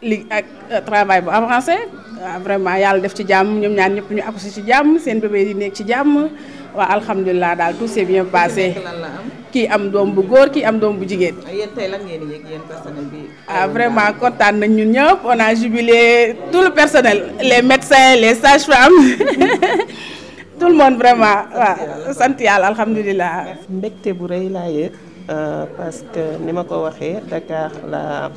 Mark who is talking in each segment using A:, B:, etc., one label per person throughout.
A: li ak euh, travail bu avancé euh, vraiment yalla def ci jàmm ñom ñaan ñëpp ñu accouché ci jàmm seen bébé yi nekk ci jàmm wa alhamdulilah dal tout s'est bien passé kii am doom bu goor kii am doom bu jigéen. Ah, yéen tay lan ngeen yëg yeen personnel bi. ah vraiment content nañ ñun ñëpp on a jubilé tout le personnel les médecins les sages-femmes tout le monde vraiment wa sante yalla alhamdulilah. mbégte bu rëy laa yëg euh, parce que nima ko waxé Dakar la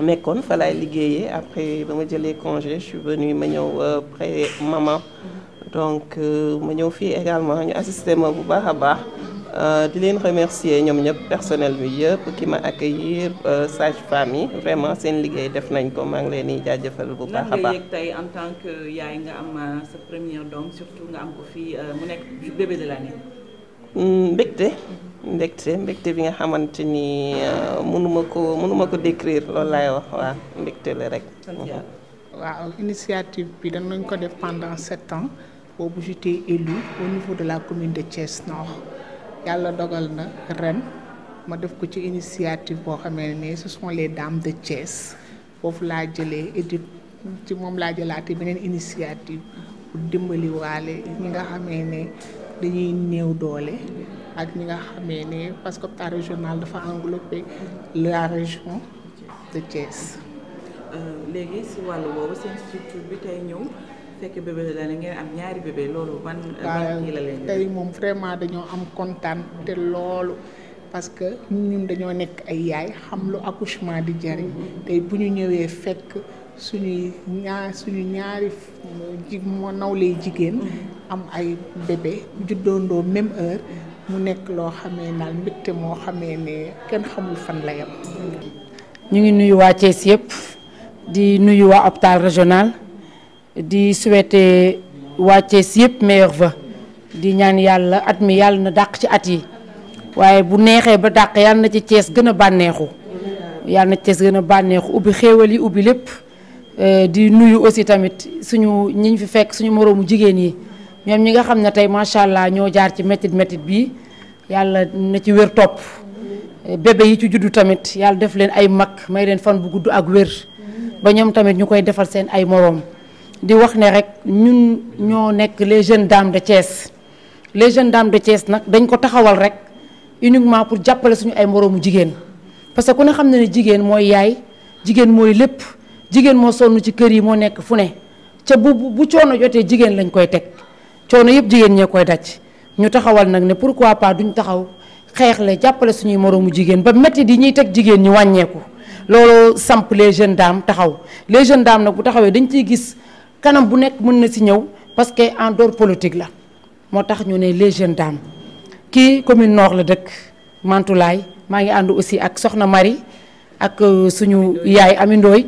A: nekkoon fa laay liggéeyee après ba ma jëlee congé je suis venue ma ñëw euh, près maman donc euh, ma ñëw fii également ñu assisté ma bu baax a baax euh, di leen remercier ñoom ñëpp personnel bi yëpp qui ma accueillir sage famille. vraiment seen liggéey def nañ ko maa ngi leen di jaajëfal bu baax a baax. lan nga en tant que yaay nga am sa première donc surtout nga am ko fii
B: mu nekk bébé de l'année.
A: Hmm, mbégte. Mhm mbégte mbégte bi nga xamante ni euh, mënuma ko mënuma ko décrire loolu laay wax waa mbégte la rek. waaw initiative bi dañ nañ ko def pendant sept ans boobu j'étais élu au niveau de la commune de Thiès Nord yàlla dogal na ren ma def ko ci initiative boo xamee ne ce sont les dames de Thiès foofu laa jëlee édite ci moom laa jëlaatee beneen initiative pour dimbali waale ñi nga xamee ne. dañuy néew doole ak ñi nga xamee ne parce que hôpital régional dafa englober la région de Thiès. Euh, léegi si wàllu boobu seen structure bi tey ñëw fekk bébé la am ñaari bébé loolu ban. ban moom vraiment dañoo am kontaan te loolu. parce que ñun dañoo nekk ay yaay xam lu accouchement di jariñ mhm. tey bu ñëwee fekk. suñuy ñaar suñu ñaari ji moo nawley jigéen mm-hmm. am ay bébé juddoondoo même heure mu nekk loo xamee naal mbégte moo xamee ne kenn xamul fan la yem
B: ñu ngi nuyu waa Thiès yëpp di nuyu waa hôpital régional di souhaiter waa Thiès yëpp meilleur vœu di ñaan yàlla at mi yàlla na dàq ci at yi waaye bu neexee ba dàq yàlla na ci cees gën a bànneexu yàlla na ci Thiès gën a bànneexu ubbi xéewal yi ubbi lépp Euh, di nuyu aussi tamit suñu ñiñ fi fekk suñu moroomu jigéen yi ñoom ñi nga xam ne tey macha allah ñoo jaar ci métit métit bii yàlla na ci wér topp euh, bébé yi ci juddu tamit yàlla def leen ay mag may leen fan bu gudd ak wér ba ñoom tamit ñu koy defal seen ay moroom di wax ne rek ñun ñoo nekk les jeunes dames de Thiès les jeunes dames de Thiès nag dañ ko taxawal rek uniquement pour jàppale suñu ay moroomu jigéen parce que ku ne xam ne ne jigéen mooy yaay jigéen mooy lépp jigéen moo sonn ci kër yi moo nekk fu ne ca bu bu coono jotee jigéen lañ koy teg coono yëpp jigéen ñee koy daj ñu taxawal nag ne pourquoi pas duñ taxaw xeexle jàppale suñuy moroomu jigéen ba métti di ñuy teg jigéen ñi wàññeeku loolu samp les jeunes dames taxaw les jeunes dames nag bu taxawee dañ ciy gis kanam bu nekk mën na si ñëw parce que en dehors politique la moo tax ñu ne les jeunes dames kii commune nord la dëkk Mantoulaye maa ngi ànd aussi ak Soxna Marie ak euh, suñu yaay Ami Ndooy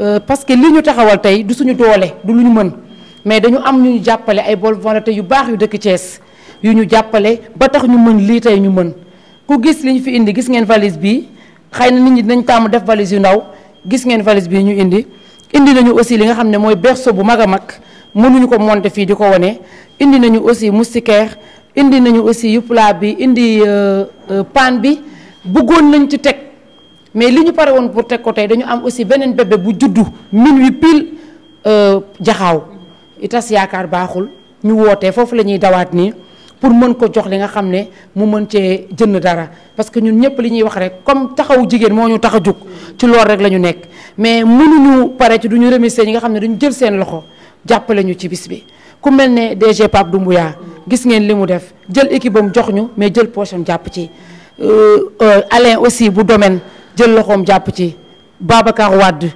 B: Euh, parce que li ñu taxawal tey du suñu doole du lu ñu mën mais dañu am ñu ñu jàppale ay bonne volonté yu baax yu dëkk Thiès yu ñu jàppale ba tax ñu mën lii tey ñu mën ku gis li ñu fi indi gis ngeen valise bii xëy na nit ñi dinañ tàmm def valise yu ndaw gis ngeen valise bi ñu indi indi nañu aussi li nga xam ne mooy berceau bu mag a mag mënuñu ko monter fii di ko wane indi nañu aussi moustiquaire indi nañu aussi yu plat bi indi euh, euh, paan bi bëggoon nañ ci teg. mais li ñu pare woon pour teg ko tey dañu am aussi beneen bébé bu juddu minuit pile euh, jaxaaw itas yaakaar baaxul ñu wootee foofu la ñuy dawaat nii pour mën ko jox li nga xam ne mu mën cee jënd dara parce que ñun ñëpp li ñuy wax rek comme taxawu jigéen moo ñu tax a jug ci loolu rek la ñu nekk mais mënuñu pare ci du ñu remercier ñi nga xam ne duñu jël seen loxo jàppale ñu ci bis bi ku mel ne DG Pape Doumbouya gis ngeen li mu def jël équipe am jox ñu mais jël poche jàpp ci euh, euh, Alain aussi bu domaine jël loxoom jàpp ci Babacar Wade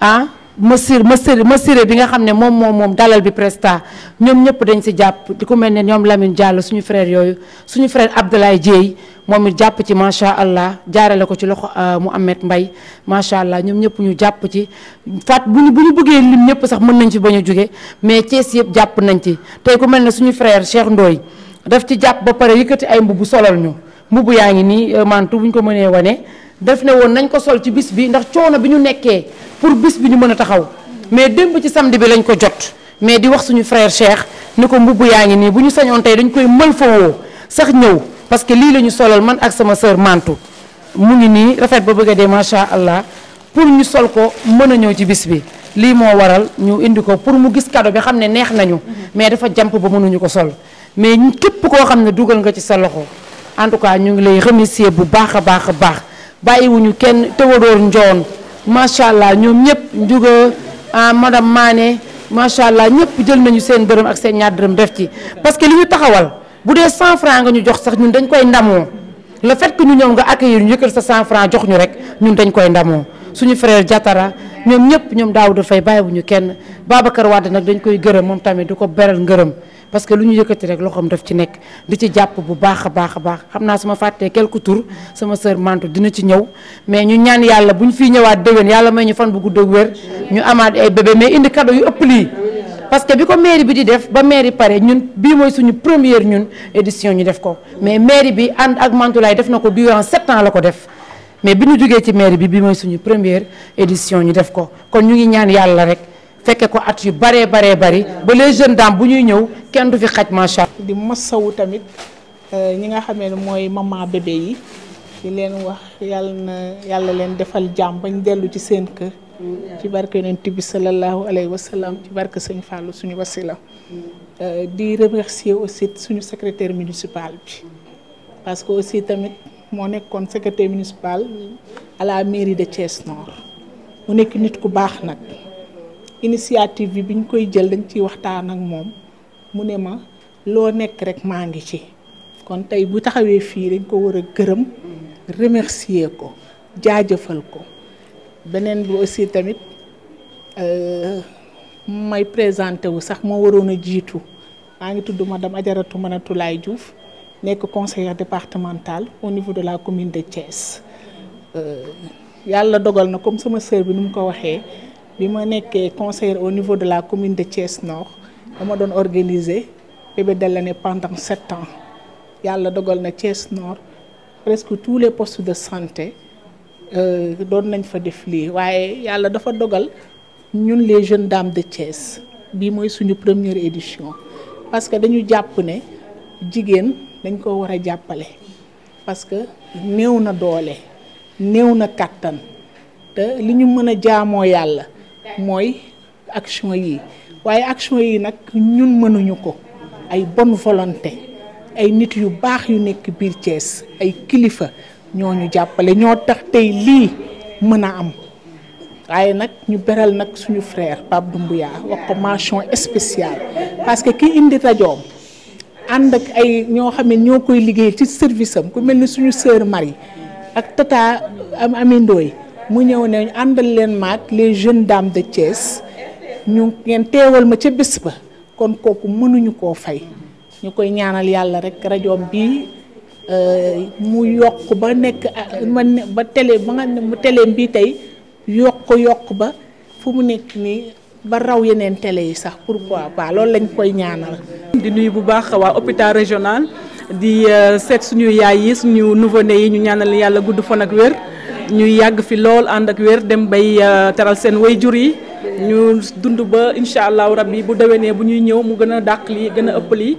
B: ah Massir Massir Massiré bi nga xam ne moom moom moom dalal bi Presta ñoom ñëpp dañ si jàpp di ku mel ne ñoom Lamine Diallo suñu frère yooyu suñu frère Abdoulaye Dieye moom jàpp ci macha allah jaarale ko ci loxo euh, Mouhamed Mbaye macha allah ñoom ñëpp ñu jàpp ci fat bu bu ñu bëggee ñëpp sax mën nañ fi bañ a jóge mais Thiès yëpp jàpp nañ ci tey ku mel ne suñu frère Cheikh Ndoye daf ci jàpp ba pare yëkkati ay mbubu solal ñu mbubu yaa ngi nii euh, mantu bu ñu ko mënee wane. def ne won nañ ko sol ci bis bi ndax choona biñu nekké pour bis bi ñu mën taxaw mais demb ci samedi bi lañ ko jot mais di wax suñu frère Cheikh ni ko mbubb yaa ngi nii bu ñu dañ koy mël fawoo sax ñew parce que li lañu solal man ak sama sœur Mantou mu ngi ni rafet ba bëgg dé ma sha allah pour ñu sol ko mëna ñew ci bis bi li mo waral ñu indi ko pour mu gis kado bi xamné ne neex nañu mais dafa jamp ba ñu ko sol mais képp koo xam ne dugal nga ci sa loxo en tout cas ñu ngi lay remercier bu bah baaxa bah baax bàyyiwuñu kenn Théodore Ndion macha allah ñoom ñëpp njuga ah maane Mané macha allah ñëpp jël nañu seen dërëm ak seen ñaar dërëm def ci. parce que li ñu taxawal bu dee 100 francs nga ñu jox sax ñun dañ koy ndamoo le fait que ñu ñëw nga accueillir ñu yëkkal sa 100 francs jox ñu rek ñun dañ koy ndamoo. suñu frère Diatara ñoom ñëpp ñoom Daouda Faye bàyyiwuñu kenn Babacar Wade nag dañ koy gërëm moom tamit du ko beral ngërëm parce que lu ñu yëkkati rek loxoom daf ci nekk di ci jàpp bu baax a baax a baax xam naa su ma fàttee quelques tours sama sœur Mantou dina ci ñëw mais ñu ñaan yàlla bu ñu fii ñëwaat déwén yàlla may ñu fan bu gudd ak wér ñu amaat ay bébé mais indi kado yu ëpp lii parce que bi ko mairie bi di def ba mairie pare ñun bii mooy suñu première ñun édition ñu def ko mais mairie bi ànd ak Mantoulaye def na ko durant sept ans la ko def mais bi ñu jógee ci maire bi bi mooy suñu première édition ñu def ko kon ñu ngi ñaan yàlla rek fekke ko at yu baree baree bari ba les jeunes bu ñuy ñëw kenn du fi xaj macha allah. di masawu tamit
A: euh, ñi nga xamee ne mooy maman bébé yi di leen wax yàlla na yàlla leen defal jàmm bañ dellu ci seen kër. ci barke yonent bi sallallahu alayhi wa sallam ci barke sëñ Fallou suñu wasila euh, di remercier aussi suñu secretaire municipal bi parce que aussi tamit. moo nekkoon secrétaire municipal à la mairie de Thiès Nord mu nekk nit ku baax nag initiative bi biñ koy jël dañ ciy waxtaan ak moom mu ne ma loo nekk rek maa ngi ci kon tey bu taxawee fii dañ ko war a gërëm remercier ko jaajëfal ko beneen bi aussi tamit euh, may présenté wu sax moo waroon a jiitu maa ngi tudd madame Ajaratu mënatulaay Diouf que conseillère départementale au niveau de la commune de Thiès euh, Yalla dogal na comme sama sœur bi num ko waxé bima conseillère au niveau de la commune de Thiès Nord dama doon organiser bébé de pendant sept ans Yalla dogal na Thiès Nord presque tous les postes de santé euh, doon nañ fa def li waye Yalla dafa dogal ñun les jeunes dames de Thiès bi moy suñu première édition parce que dañu japp né jigéen. dañ ko war a jàppale parce que néew na doole néew na kàttan te li ñu mën a jaamoo yàlla mooy action yi waaye action yi nag ñun mënuñu ko ay bonne volonté ay nit yu baax yu nekk biir Thiès ay kilifa ñoo ñu jàppale ñoo tax tey lii mën a am waaye nag ñu beral nag suñu frère Pape Doumbouya wax ko mention spéciale parce que ki indi rajoom ànd ak ay ñoo xam ne ñoo koy liggéey ci service am ku mel ni suñu sœur Marie ak tata am amindooy mu ñëw ne àndal leen maak les jeunes dames de Thiès ñu ngeen teewal ma ca bés ba kon kooku mënuñu koo fay ñu koy ñaanal yàlla rek rajoom bi euh, mu yokk ba nekk man ba télé ba nga mu télé bi tey yokk yokk ba fu mu nekk nii ba raw yeneen tele yi sax pour pourquoi pas loolu lañ koy ñaanal di nuyu bu baax waa hôpital régional di euh, seet suñu yaay yi suñu nouveau-né yi ñu ñaanal yàlla gudd fan ak wér ñuy yàgg fi lool ànd ak wér dem bay euh, teral seen way jur yi ñu dund ba incha allahu rabbi bu déwénee bu ñuy ñëw mu gën a dàq lii gën a ëpp lii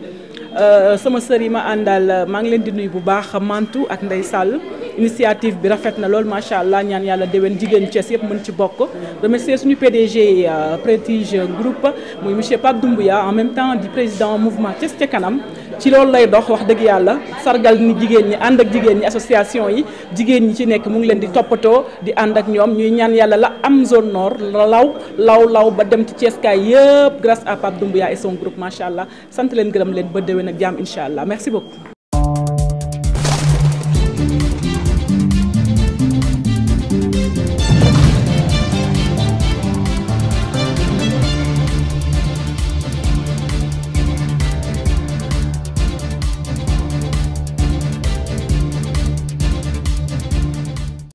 A: Euh, sama sër yi ma àndal maa ngi leen di nuyu bu baax Mantu ak ndey Sall initiative bi rafet na lool macha allah ñaan yàlla déwén jigéen Thiès yëpp mën ci bokk. remercier suñu PDG euh, Prestige Groupe muy monsieur Pape Doumbouya en même temps di président mouvement Thiès ca kanam. ci loolu lay dox wax dëgg yàlla sargal ni jigéen ñi ànd ak jigéen ñi association yi jigéen ñi ci nekk mu ngi leen di toppatoo di ànd ak ñoom ñuy ñaan yàlla la am zone nord law law law ba dem ci Ceeskaay yëpp grâce à Pape Doumbouya et son groupe macha allah sant leen gërëm leen ba déwén ak jàmm incha allah merci beaucoup.